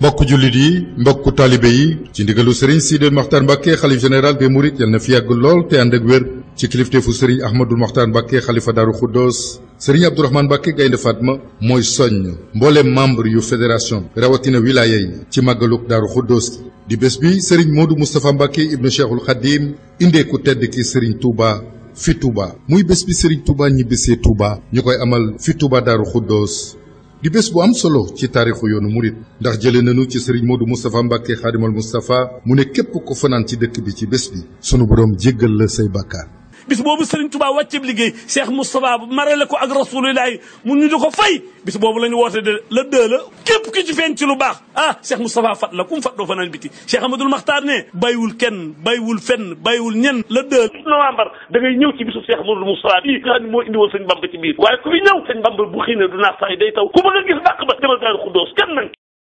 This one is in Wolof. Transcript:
mbokku jullit yi mbokku talibé yi ci ndigalu serigne Sidi Maxtaar Mbàkke khalife général bi mourid yal na fi yag lol te ànd ak wér ci kilifté fu serigne ahmadou Maxtaar Mbàkke khalifa Daaru Xuddoos serigne abdourahman Mbàkke Gaynde Fatma moy sogn mbolé membre yu fédération rawatina wilaya yi ci màggaluk Daaru Xuddoos di bés bi serigne modou mustapha Mbàkke ibnu cheikhoul khadim indé ku tedd ki serigne Touba fi Touba muy bés bi serigne Touba ñibisé Touba ñukoy amal fi Touba Daaru Xuddoos di bés bu am solo ci taarixu yoonu murit ndax jëlee nañu ci sëriñ Modou Moustapha Mbacke xaadimal Moustapha mu ne képp ko fanaan ci dëkk bi ci bés bi sunu borom jéggal la say bàkkaar bis boobu Serigne Touba wàcceb liggéey Cheikh Moustapha marale ko ak rasulillahi mu ñu di ko fay bis boobu la ñu woote de la deux la képp ki ci feeñ lu baax ah Cheikh Moustapha fat la ku mu fat doo fanaan biti Cheikh Amadou Makhtar ne bayiwul kenn bayiwul fenn bayiwul ñen la deux novembre da ngay ñëw ci bisu Cheikh Amadou Moustapha bii nga xam ne moo indi woon sëñ Bamba ci biir waaye ku fi ñëw sëñ Bamba bu xii du naax saa day taw ku ma nga gis dàq ba demal daal xuddoos kenn nag